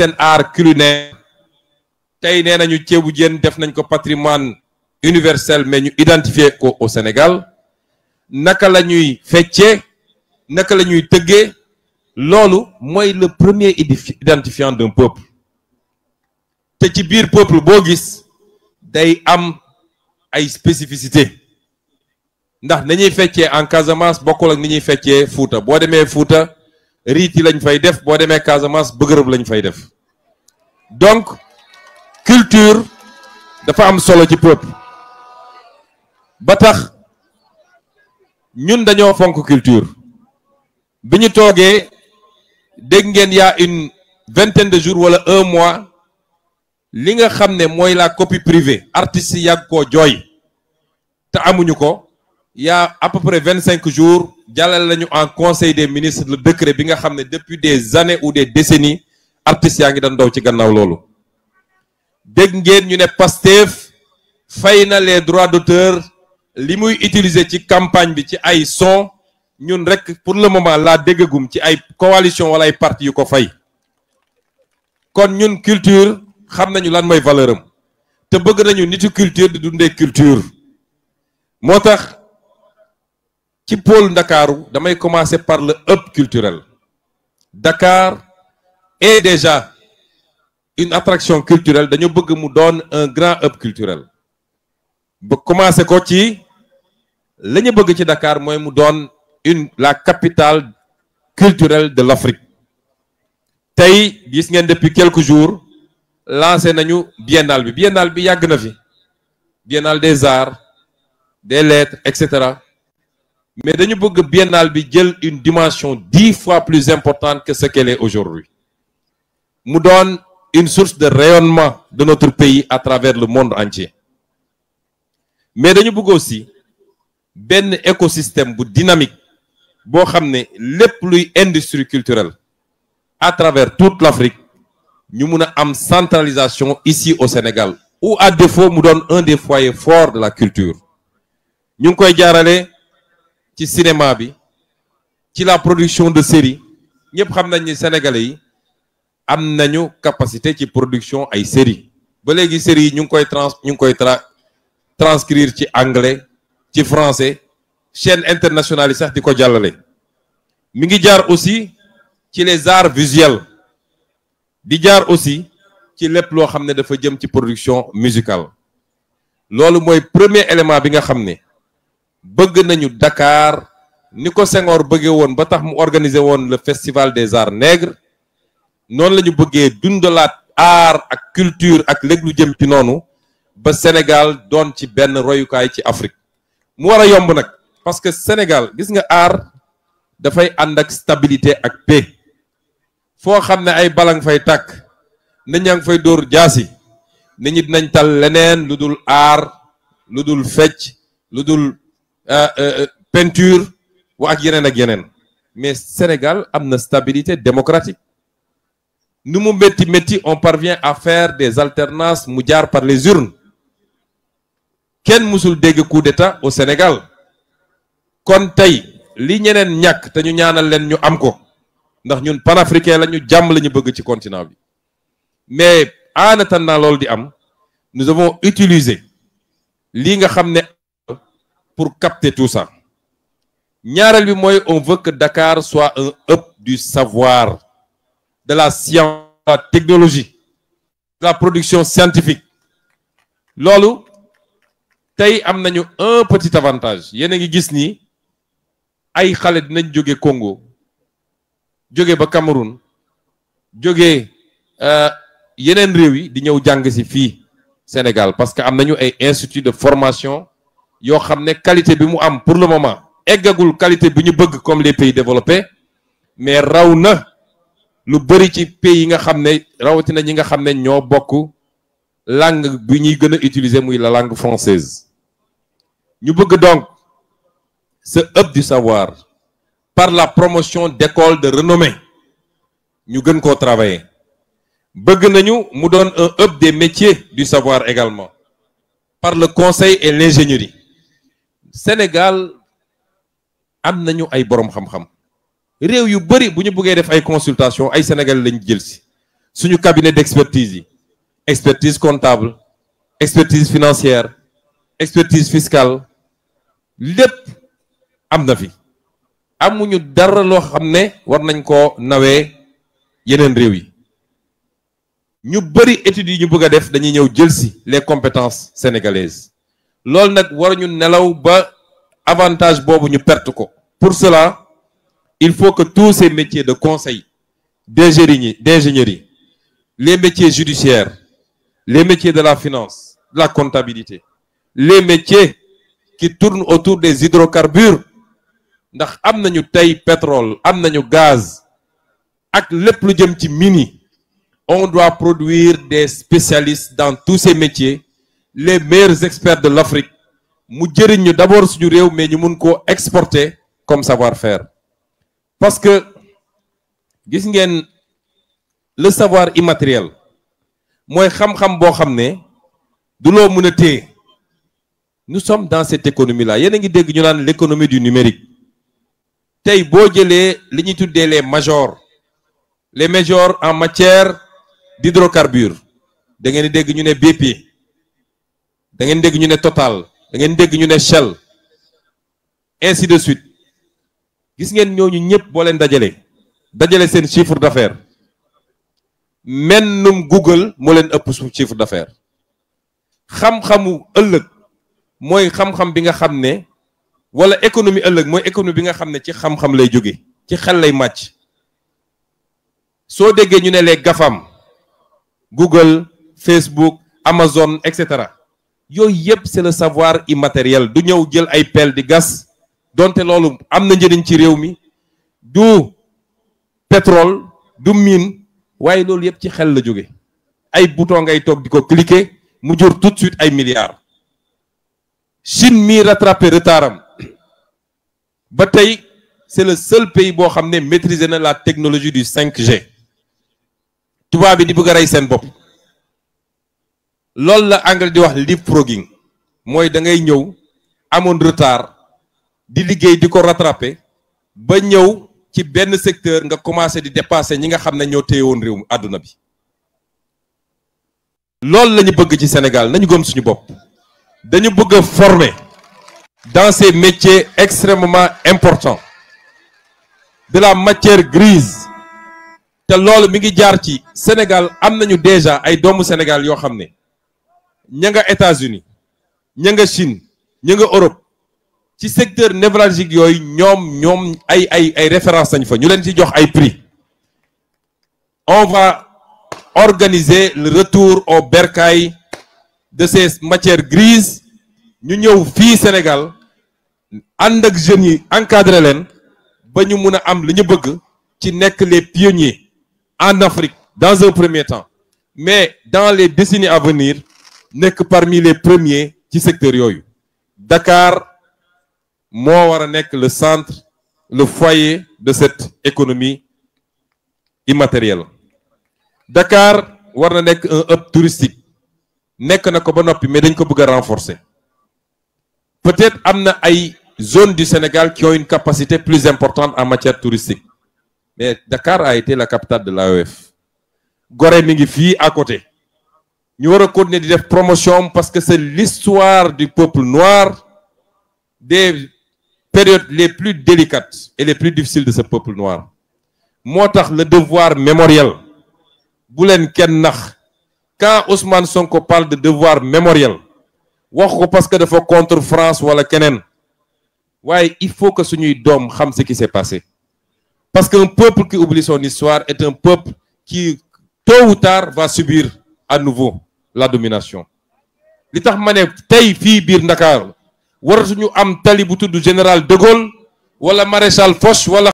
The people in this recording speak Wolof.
seen art culinaire tey nee nañu ceebu jën def nañ ko patrimoine universel mais ñu identifier ko au Sénégal naka la ñuy feccee naka la ñuy tëggee loolu mooy le premier identifiant d'un peuple te ci biir peuple boo gis day am ay spécificité ndax ni ñuy en Casamance bokkul ak ni ñuy feccee Fuuta boo demee Fuuta riit yi lañ fay def boo demee Casamance bëgërëb lañ fay def donc culture dafa am solo ci peuple ba tax ñun dañoo fonk culture bi ñu toogee dégg ngeen yaa une vingtaine de jours wala un mois li nga xam ne mooy la copie privée artistes yi yàgg koo jooy te amuñu ko il y a à peu près vingt cinq jours jàllale nañu en conseil des ministres la décret bi nga xam ne depuis des années ou des décennies artistes yaa ngi doon daw ci gannaaw loolu dégg ngeen ñu ne Pastef fay na les droits d'auteur li muy utiliser ci campagne bi ci ay son ñun rek pour le moment laa déggagum ci ay coalition wala ay parti yu ko fay kon ñun culture xam nañu lan mooy valeur am te bëgg nañu nitu culture di dundee culture moo tax ci pôle ndakaaru damay commencer par le hub culturel Dakar est déjà une attraction culturelle dañu bëgg mu doon un grand hub culturel ba commencer ko ci la ñu bëgg ci Dakar mooy mu doon une la capitale culturelle de l'Afrique tey gis ngeen depuis quelques jours lancé nañu biennale bi biennale bi yàgg na fi biennale des arts des lettres et cetera mais dañu bëgg biennale bi jël une dimension dix fois plus importante que ce qu'elle est aujourd'hui mu doon une source de rayonnement de notre pays à travers le monde entier mais dañu bëgg aussi benn écosystème bu dynamique boo xam ne lépp luy industrie culturelle à travers toute l'Afrique ñu mun a am centralisation ici au Sénégal ou à défaut mu doon un des foyers forts de la culture ñu ngi koy jaarale ci cinéma bi ci la production de série ñëpp xam nañ ni sénégalais yi am nañu capacité ci production ay série ba léegi série yi ñu ngi koy trans ñu ngi koy tra transcrire ci anglais ci français chaîne internationale yi sax di ko jàllale mi ngi jaar aussi ci les arts di jaar aussi ci lépp loo xam ne dafa jëm ci production musicale loolu mooy premier élément bi nga xam ne bëgg nañu Dakar ni ko Senghor bëggee woon ba tax mu organiser woon la festival des arts nègres noonu lañu ñu bëggee dundalaat art ak culture ak léglu jëm ci noonu ba Sénégal doon ci benn royukaay ci Afrique mu war a yomb nag parce que Sénégal gis nga art dafay ànd ak stabilité ak paix foo xam ne ay balang fay tàkk nit ñaa ngi fay dóor jaasi nit ñi dinañ tal leneen lu dul art lu dul fecc lu Euh, euh, euh, peinture wa ak yeneen ak yeneen mais Sénégal am na stabilité démocratique nu mu métti métti on parvient à faire des alternances mu jaar par les urnes kenn musul dégg coup d'état au Sénégal kon tey li ñeneen ñàkk te ñu ñaanal leen ñu am ko ndax ñun panafricain la ñu jàmm la ñu bëgg ci continent bi mais en attendant loolu di am nous avons utilisé lii nga xam ne pour capter tout ça ñaareel bi mooy on veut que Dakar soit un du savoir de la science de la technologie de la production scientifique loolu tey am nañu un petit avantage yéen a ngi gis ni ay xale dinañ jóge Congo jóge ba Cameroun jóge euh, yeneen réew yi di ñëw jàng si fii Sénégal parce que am nañu ay institut de formation yoo xam ne qualité bi mu am pour le moment eggagul qualité bi ñu bëgg comme les pays développés mais raw na lu bëri ci pays yi nga xam ne rawatina ñi nga xam ne ñoo bokk langue bi ñuy gën a utiliser muy la langue française ñu bëgg donc ce hub du savoir par la promotion décole de renommée ñu gën koo travailler bëgg nañu mu doon un hub des métiers du savoir également par le conseil et l'ingénierie Sénégal am nañu ay borom xam-xam réew yu bëri bu ñu buggee def ay consultation ay Sénégal lañu jël si suñu cabinet d'expertise yi expertise comptable expertise financière expertise fiscale lépp am na fi amuñu dara loo xam ne war nañ koo nawee yeneen réew yi ñu bëri études yi ñu bëgg a def dañuy ñëw jël si les compétences sénégalaises loolu nag war waruñu nelaw ba avantage boobu ñu perte ko pour cela il faut que tous ces métiers de conseil d'ingénierie d'ingénierie les métiers judiciaires les métiers de la finance de la comptabilité les métiers qui tournent autour des hydrocarbures ndax am nañu tey pétrole am nañu gaz ak lépp lu jëm ci mini on doit produire des spécialistes dans tous ces métiers les meilleurs experts de l'Afrique mu jëriñ ñu d'abord suñu réew mais ñu mën koo exporter comme savoir-faire parce que gis ngeen le savoir immatériel mooy xam-xam boo xam ne du loo mën a téye nous sommes dans cette économie là yéen a ngi dégg ñu naan l'économie du numérique tey boo jëlee li ñuy tuddee les majors les majors en matière d'hydrocarbures da ngeen di dégg ñu ne BP da ngeen dégg ñu ne Total da ngeen dégg ñu ne Shell ainsi de suite gis ngeen ñooñu ñëpp boo leen dajale dajale seen chiffre d'affaires mennum Google moo leen ëpp su chiffre d'affaires xam-xamu ëllëg mooy xam-xam bi nga xam ne wala économie ëllëg mooy économie bi nga xam ne ci xam-xam lay jóge ci xel lay màcc soo déggee ñu ne les GAFAM Google Facebook Amazon et cetera yooyu yëpp c'est le savoir immatériel du ñëw jël ay pelle di gas donte loolu am na njëriñ ci réew mi du petrole du mine waaye loolu yëpp ci xel la jóge ay bouton ngay toog di ko cliquer mu jur tout de suite ay milliards Chine mi rattrapé retard am ba tey c'est le seul pays boo xam ne maîtriser na la technologie du 5G tubaab bi di bëgg a rey seen bopp loolu la anglais di wax leapfrogging mooy da ngay ñëw amoon di liggéey di ko rattraper ba ñëw ci benn secteur nga commencé di dépasser ñi nga xam ne ñoo téye woon réew mi àdduna bi loolu la bëgg ci Sénégal nañu gëm suñu bopp dañu bëgg a former dans ces métiers extrêmement importants de la matière grise te loolu mi ngi jaar ci Sénégal am nañu déjà ay doomu Sénégal yoo xam ne ña nga États-Unis ña nga Chine ña nga Europe ci secteur névralgique yooyu ñoom ñoom ay ay ay référence lañ fa ñu leen ci jox ay prix on va organiser le retour au bercail de ces matières grises ñu ñëw fii Sénégal ànd ak jeunes yi encadré leen ba ñu mun a am li ñu bëgg ci nekk les pionniers en Afrique dans un premier temps mais dans les décennies à venir nekk parmi les premiers ci secteur yooyu dakaar moo war a nekk le centre le foyer de cette économie immatérielle dakaar war na nekk un hub touristique nekk na ko ba noppi mais dañ ko bëgg a renforcer peut-être am na ay zones du Sénégal qui ont une capacité plus importante en matière touristique mais dakaar a été la capitale de l'AOF e Gorée mi ngi fii à côté ñu war a continuer di def promotion parce que c'est l'histoire du peuple noir des périodes les plus délicates et les plus difficiles de ce peuple noir moo tax le devoir mémoriel bu leen kenn nax quand Ousmane Sonko parle de devoir mémoriel wax ko parce que de dafa contre France wala keneen waaye il faut que suñuy doom xam ce qui s'est passé parce qu'un peuple qui oublie son histoire est un peuple qui tôt ou tard va subir à nouveau la domination li tax ma ne tey fii biir Ndakaaru waratuñu am tali bu tudd général de Gaulle wala maréchal Foch wala